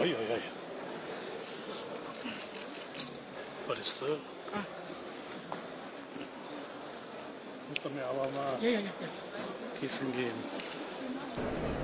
Oi, oi, oi. Wat is er? Ah. Moeten we allemaal kiezen gehen.